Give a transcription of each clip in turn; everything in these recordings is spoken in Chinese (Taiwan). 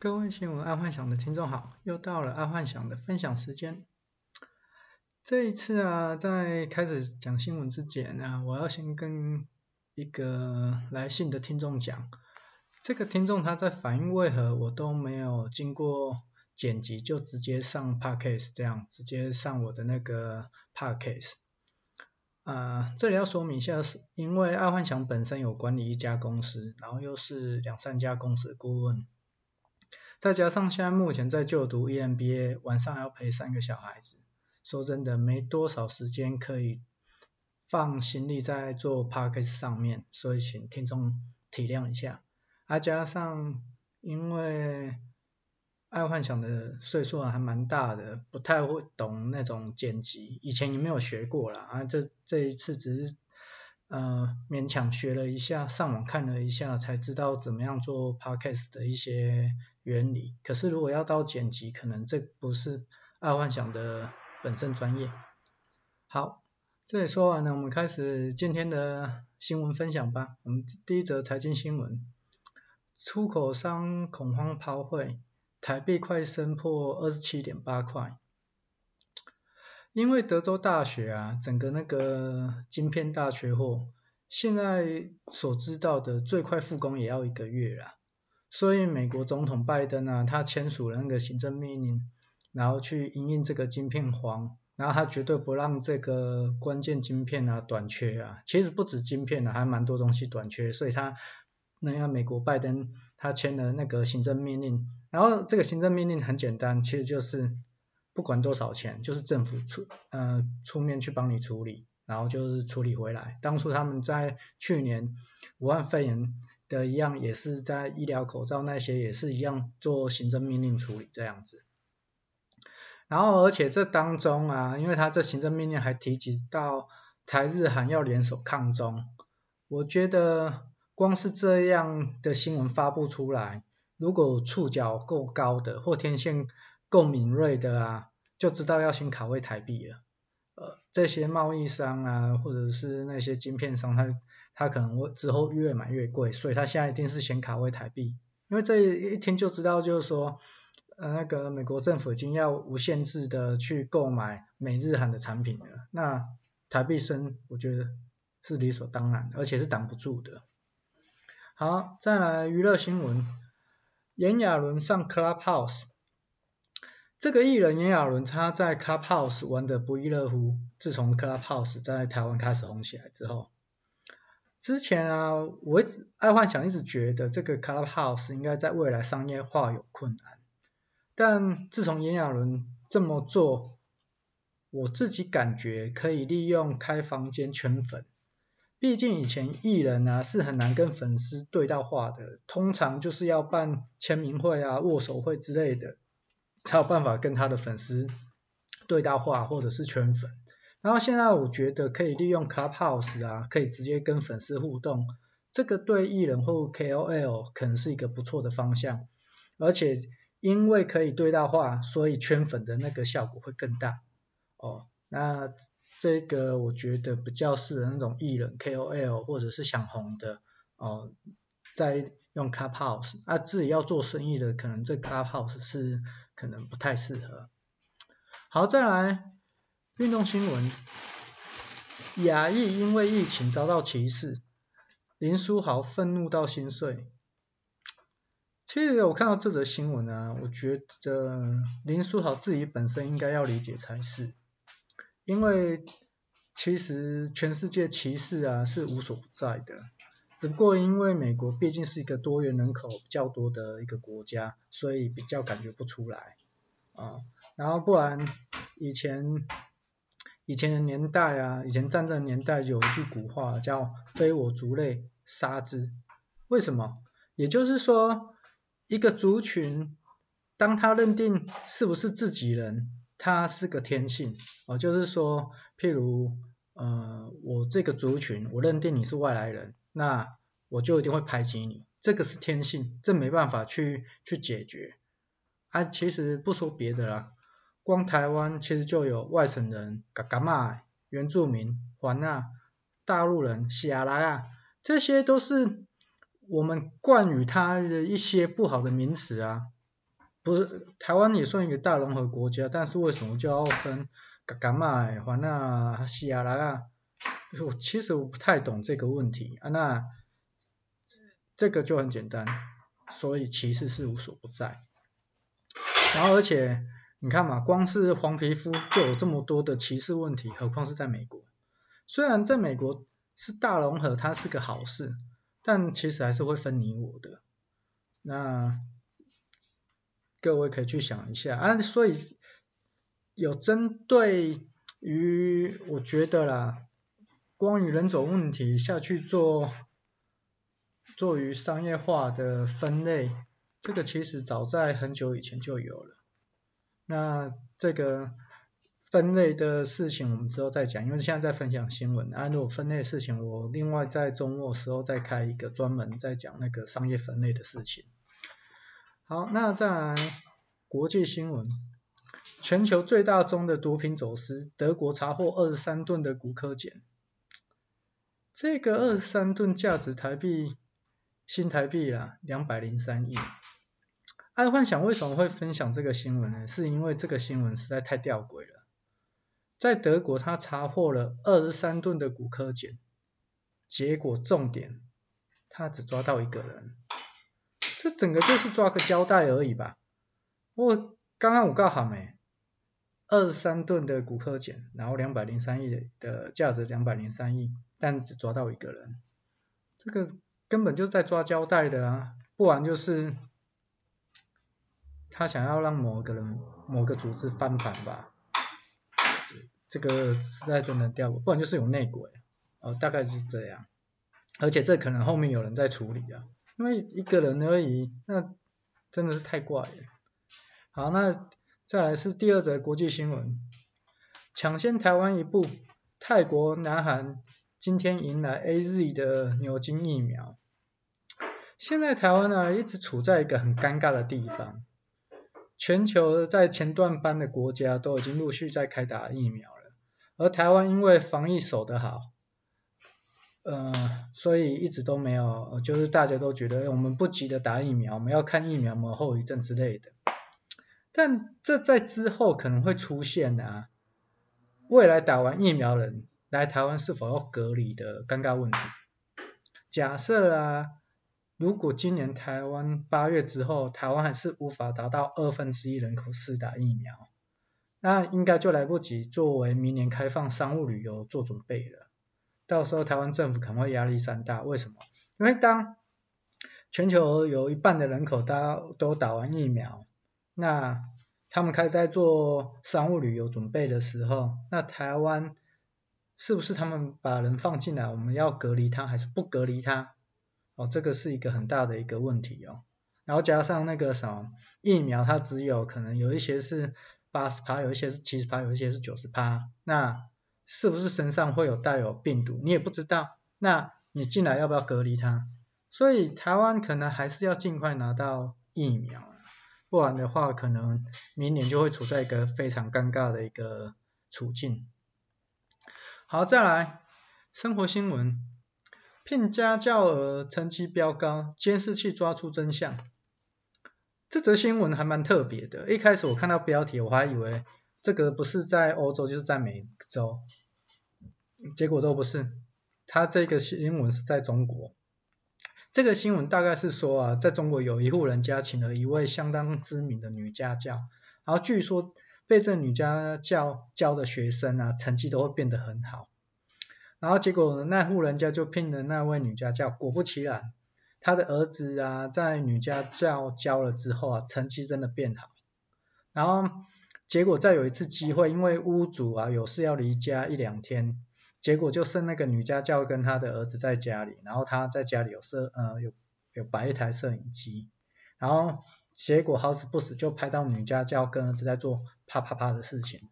各位新聞愛幻想的聽眾好，又到了愛幻想的分享時間。這一次啊，在開始講新聞之前啊，我要先跟一個來信的聽眾講，這個聽眾他在反映為何我都沒有經過剪輯就直接上 Podcast，這樣直接上我的那個 Podcast。啊、呃，這裡要說明一下，是因為愛幻想本身有管理一家公司，然後又是兩三家公司的顧問。再加上現在目前在就讀 EMBA，晚上要陪三個小孩子，說真的沒多少時間可以放心力在做 podcast 上面，所以請聽眾體諒一下。啊，加上因為愛幻想的歲數還蠻大的，不太會懂那種剪輯，以前也沒有學過啦，啊，這這一次只是呃勉強學了一下，上網看了一下才知道怎麼樣做 podcast 的一些原理，可是如果要到剪輯，可能這不是愛幻想的本身專業。好，這裡說完了，我們開始今天的新聞分享吧。我們第一則財經新聞，出口商恐慌拋匯，台幣快升破二十七點八塊。因為德州大雪啊，整個那個晶片大缺貨，現在所知道的最快復工也要一個月啦。所以美國總統拜登啊，他簽署了那個行政命令，然後去因應這個晶片荒，然後他絕對不讓這個關鍵晶片啊短缺啊。其實不止晶片啊，還蠻多東西短缺。所以他那樣美國拜登他簽了那個行政命令，然後這個行政命令很簡單，其實就是不管多少錢，就是政府出呃出面去幫你處理，然後就是處理回來。當初他們在去年武漢肺炎，的一樣也是在醫療口罩那些也是一樣做行政命令處理這樣子，然後而且這當中啊，因為他這行政命令還提及到台日韓要聯手抗中，我覺得光是這樣的新聞發布出來，如果觸角夠高的或天線夠敏銳的啊，就知道要先卡位台幣了。呃，這些貿易商啊，或者是那些晶片商，他。他可能會之後越買越貴，所以他現在一定是先卡位台幣，因為這一聽就知道，就是說，呃，那個美國政府已經要無限制的去購買美日韓的產品了，那台幣升，我覺得是理所當然的，而且是擋不住的。好，再來娛樂新聞，炎亞綸上 Clubhouse，這個藝人炎亞綸他在 Clubhouse 玩得不亦樂乎，自從 Clubhouse 在台灣開始紅起來之後。之前啊，我愛幻想一直覺得這個 Clubhouse 應該在未來商業化有困難，但自從炎亞綸這麼做，我自己感覺可以利用開房間圈粉。畢竟以前藝人啊是很難跟粉絲對到話的，通常就是要辦簽名會啊、握手會之類的，才有辦法跟他的粉絲對到話或者是圈粉。然後現在我覺得可以利用 Clubhouse 啊，可以直接跟粉絲互動，這個對藝人或 KOL 可能是一個不錯的方向。而且因為可以對到話，所以圈粉的那個效果會更大。哦，那這個我覺得比較適合那種藝人、KOL 或者是想紅的哦，在用 Clubhouse。啊自己要做生意的，可能這 Clubhouse 是可能不太適合。好，再來。運動新聞，亞裔因為疫情遭到歧視，林書豪憤怒到心碎。其實我看到這則新聞啊，我覺得林書豪自己本身應該要理解才是，因為其實全世界歧視啊是無所不在的，只不過因為美國畢竟是一個多元人口比較多的一個國家，所以比較感覺不出來啊，哦，然後不然以前。以前的年代啊，以前戰爭年代有一句古話叫“非我族類，殺之”。為什麼？也就是說，一個族群當他認定是不是自己人，他是個天性哦。就是說，譬如呃，我這個族群，我認定你是外來人，那我就一定會排擠你。這個是天性，這沒辦法去去解決。啊，其實不說別的啦。光台灣其實就有外省人、嘎嘎嘛、原住民、華啊、大陸人、喜雅拉雅，這些都是我們冠於他的一些不好的名詞啊。不是，台灣也算一個大融合國家，但是為什麼就要分嘎嘎嘛、華啊、喜雅拉雅，我其實我不太懂這個問題。啊、那這個就很簡單，所以歧視是無所不在。然後而且。你看嘛，光是黃皮膚就有這麼多的歧視問題，何況是在美國。雖然在美國是大融合，它是個好事，但其實還是會分你我的。那各位可以去想一下啊，所以有針對於我覺得啦，關於人種問題下去做做於商業化的分類，這個其實早在很久以前就有了。那這個分類的事情我們之後再講，因為現在在分享新聞。那、啊、如果分類的事情，我另外在周末時候再開一個專門在講那個商業分類的事情。好，那再來國際新聞，全球最大宗的毒品走私，德國查獲二十三噸的古柯鹼，這個二十三噸價值台幣新台幣啊，兩百零三億。愛幻想為什麼會分享這個新聞呢？是因為這個新聞實在太吊詭了。在德國，他查獲了二十三噸的古柯鹼，結果重點，他只抓到一個人，這整個就是抓個交代而已吧。我剛剛我告好沒？二十三噸的古柯鹼，然後兩百零三億的價值，兩百零三億，但只抓到一個人，這個根本就在抓交代的啊，不然就是。他想要讓某個人、某個組織翻盤吧？這個實在真的掉，不然就是有內鬼，哦，大概就是這樣。而且這可能後面有人在處理啊，因為一個人而已，那真的是太怪了。好，那再來是第二則國際新聞，搶先台灣一步，泰國、南韓今天迎來 AZ 的牛津疫苗。現在台灣呢，一直處在一個很尷尬的地方。全球在前段班的國家都已經陸續在開打疫苗了，而台灣因為防疫守得好，呃，所以一直都沒有，就是大家都覺得我們不急著打疫苗，我們要看疫苗有沒有後遺症之類的。但這在之後可能會出現啊，未來打完疫苗人來台灣是否要隔離的尷尬問題。假設啊。如果今年台灣八月之後，台灣還是無法達到二分之一人口施打疫苗，那應該就來不及作為明年開放商務旅遊做準備了。到時候台灣政府可能會壓力山大。為什麼？因為當全球有一半的人口都都打完疫苗，那他們開始在做商務旅遊準備的時候，那台灣是不是他們把人放進來，我們要隔離他，還是不隔離他？哦，這個是一個很大的一個問題哦，然後加上那個什麼疫苗，它只有可能有一些是八十趴，有一些是七十趴，有一些是九十趴，那是不是身上會有帶有病毒？你也不知道，那你進來要不要隔離它？所以台灣可能還是要盡快拿到疫苗，不然的話，可能明年就會處在一個非常尷尬的一個處境。好，再來，生活新聞。聘家教兒成績飆高，監視器抓出真相。這則新聞還蠻特別的。一開始我看到標題，我還以為這個不是在歐洲就是在美洲，結果都不是。他這個新聞是在中國。這個新聞大概是說啊，在中國有一戶人家請了一位相當知名的女家教，然後據說被這女家教教的學生啊，成績都會變得很好。然後結果那戶人家就聘了那位女家教，果不其然，他的兒子啊，在女家教教了之後啊，成績真的變好。然後結果再有一次機會，因為屋主啊有事要離家一兩天，結果就剩那個女家教跟他的兒子在家裡，然後他在家裡有攝，呃，有有擺一台攝影機，然後結果好死不死就拍到女家教跟兒子在做啪啪啪的事情，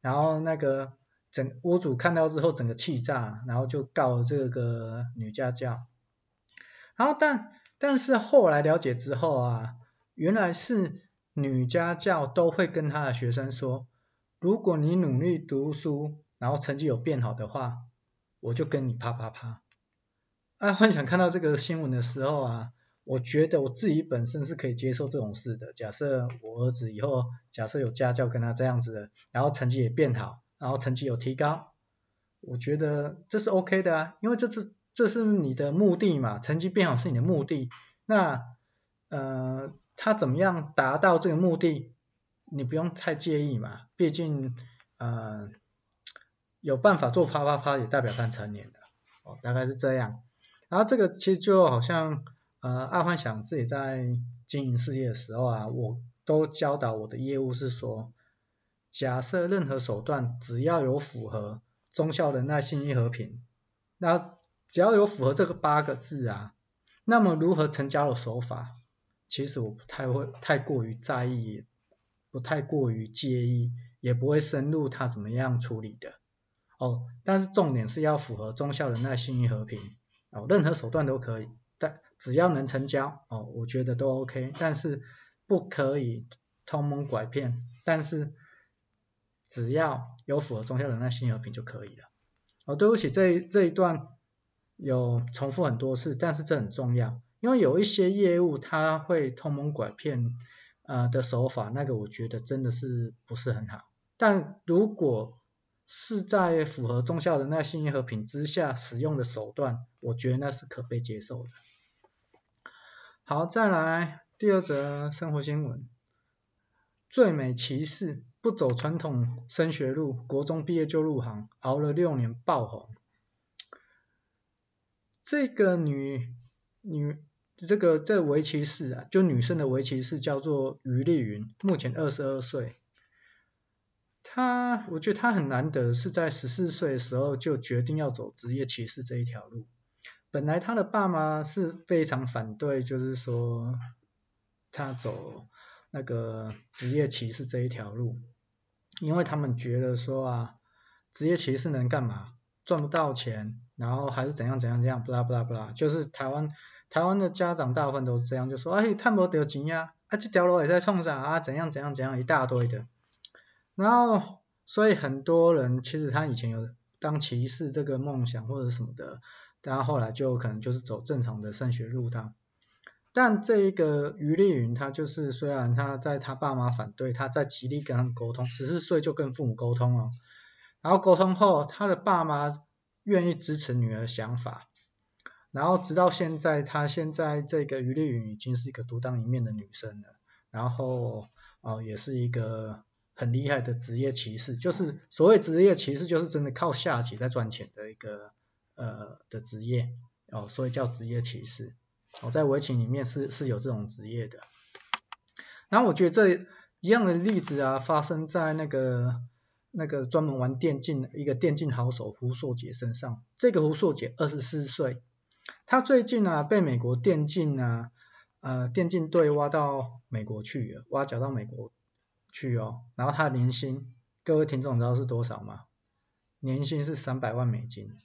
然後那個。整屋主看到之後，整個氣炸，然後就告了這個女家教。然後但，但但是後來了解之後啊，原來是女家教都會跟她的學生說，如果你努力讀書，然後成績有變好的話，我就跟你啪啪啪。啊，幻想看到這個新聞的時候啊，我覺得我自己本身是可以接受這種事的。假設我兒子以後假設有家教跟他這樣子的，然後成績也變好。然後成績有提高，我覺得這是 OK 的啊，因為這是這是你的目的嘛，成績變好是你的目的。那呃，他怎麼樣達到這個目的，你不用太介意嘛，畢竟呃有辦法做啪啪啪也代表他成年了，哦大概是這樣。然後這個其實就好像呃愛幻想自己在經營世界的時候啊，我都教導我的業務是說。假設任何手段只要有符合忠孝仁愛信義和平，那只要有符合這個八個字啊，那麼如何成交的手法，其實我不太會太過於在意，不太過於介意，也不會深入他怎麼樣處理的哦。但是重點是要符合忠孝仁愛信義和平哦，任何手段都可以，但只要能成交哦，我覺得都 OK。但是不可以偷蒙拐騙，但是。只要有符合忠孝仁愛信義和平就可以了。哦，對不起，這這一段有重復很多次，但是這很重要，因為有一些業務他會偷蒙拐騙呃的手法，那個我覺得真的是不是很好。但如果是在符合忠孝仁愛信義和平之下使用的手段，我覺得那是可被接受的。好，再來第二則生活新聞，最美棋士。不走傳統升學路，國中畢業就入行，熬了六年爆紅。這個女女這個這圍棋士啊，就女生的圍棋士叫做余麗雲，目前二十二歲。她，我覺得她很難得，是在十四歲的時候就決定要走職業棋士這一條路。本來她的爸媽是非常反對，就是說她走那個職業棋士這一條路。因為他們覺得說啊，職業棋士能幹嘛？賺不到錢，然後還是怎樣怎樣怎樣，不啦不啦不啦，就是台灣台灣的家長大部分都是這樣，就說哎，賺不到錢呀，啊，這條路也在創啥啊？怎樣怎樣怎樣一大堆的，然後所以很多人其實他以前有當棋士這個夢想或者什麼的，但後來就可能就是走正常的升學路當。但這個余麗雲，她就是雖然她在她爸媽反對，她在極力跟他們溝通，十四歲就跟父母溝通了，然後溝通後，她的爸媽願意支持女兒想法，然後直到現在，她現在這個余麗雲已經是一個獨當一面的女生了，然後哦，也是一個很厲害的職業棋士，就是所謂職業棋士，就是真的靠下棋在賺錢的一個呃的職業哦，所以叫職業棋士。我在圍棋裡面是是有這種職業的，然後我覺得這一樣的例子啊，發生在那個那個專門玩電競的一個電競好手胡碩杰身上。這個胡碩杰二十四歲，他最近呢、啊、被美國電競啊呃電競隊挖到美國去挖角到美國去哦。然後他的年薪，各位聽眾知道是多少嗎？年薪是三百萬美金，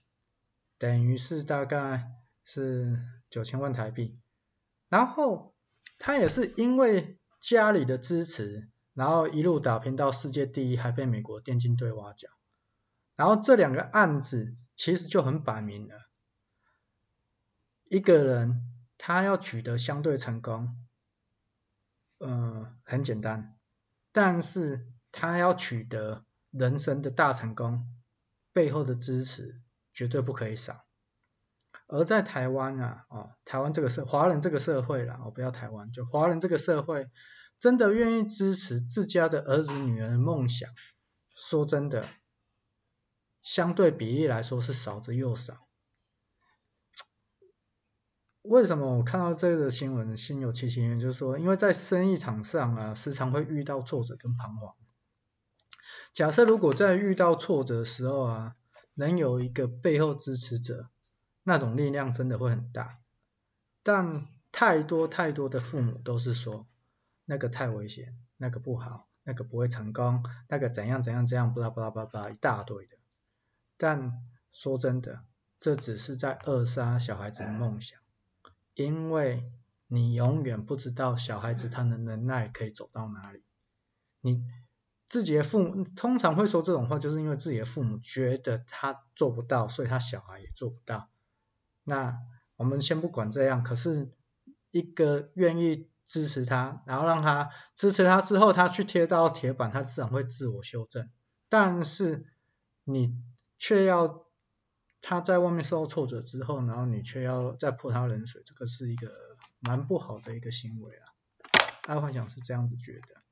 等於是大概是。九千萬台幣，然後他也是因為家裡的支持，然後一路打拼到世界第一，還被美國電競隊挖角。然後這兩個案子其實就很擺明了，一個人他要取得相對成功，嗯、呃，很簡單，但是他要取得人生的大成功，背後的支持絕對不可以少。而在台灣啊，哦，台灣這個社華人這個社會啦，我不要台灣，就華人這個社會，真的願意支持自家的兒子女兒的夢想，說真的，相對比例來說是少之又少。為什麼我看到這個新聞，心有戚戚？就是說，因為在生意場上啊，時常會遇到挫折跟彷徨。假設如果在遇到挫折的時候啊，能有一個背後支持者。那種力量真的會很大，但太多太多的父母都是說那個太危險，那個不好，那個不會成功，那個怎樣怎樣怎樣，巴拉巴拉巴拉一大堆的。但說真的，這只是在扼殺小孩子的夢想，因為你永遠不知道小孩子他的能耐可以走到哪裡。你自己的父母通常會說這種話，就是因為自己的父母覺得他做不到，所以他小孩也做不到。那我們先不管這樣，可是一個願意支持他，然後讓他支持他之後，他去踢到鐵板，他自然會自我修正。但是你卻要他在外面受挫折之後，然後你卻要再潑他冷水，這個是一個蠻不好的一個行為啊。大、啊、幻想是這樣子覺得。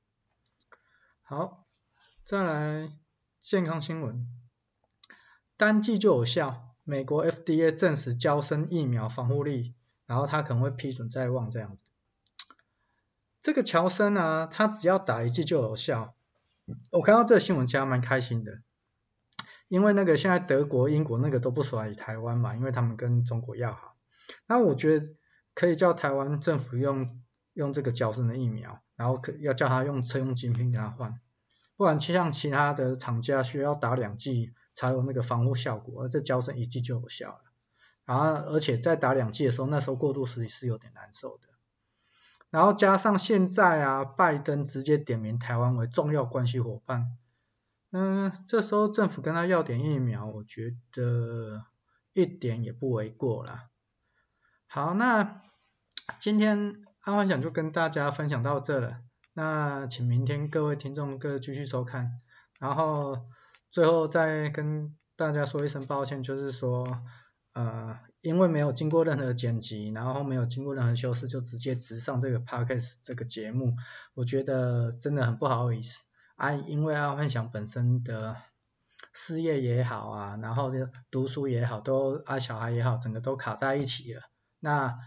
好，再來健康新聞，單劑就有效。美國 FDA 證實嬌生疫苗防護力，然後他可能會批准在望這樣子。這個嬌生啊，他只要打一劑就有效，我看到這個新聞其實還蠻開心的，因為那個現在德國、英國那個都不屬於台灣嘛，因為他們跟中國要好。那我覺得可以叫台灣政府用用這個嬌生的疫苗，然後可要叫他用車用晶片給他換，不然像其他的廠家需要打兩劑，才有那個防護效果，而這嬌生一劑就有效了，然、啊、後而且在打兩劑的時候，那時候過渡時期是有點難受的，然後加上現在啊，拜登直接點名台灣為重要關係夥伴，嗯，這時候政府跟他要點疫苗，我覺得一點也不為過啦。好，那今天安煥、啊、想就跟大家分享到這了，那請明天各位聽眾各位繼續收看，然後。最後再跟大家說一聲抱歉，就是說，呃，因為沒有經過任何剪輯，然後沒有經過任何修飾，就直接直上這個 podcast 這個節目，我覺得真的很不好意思。啊，因為啊，幻想本身的事業也好啊，然後就讀書也好，都啊，小孩也好，整個都卡在一起了。那，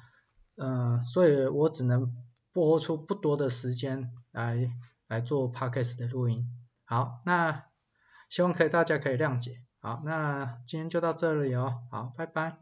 嗯、呃，所以我只能撥出不多的時間來來做 podcast 的錄音。好，那。希望可以，大家可以諒解。好，那今天就到這裡哦。好，拜拜。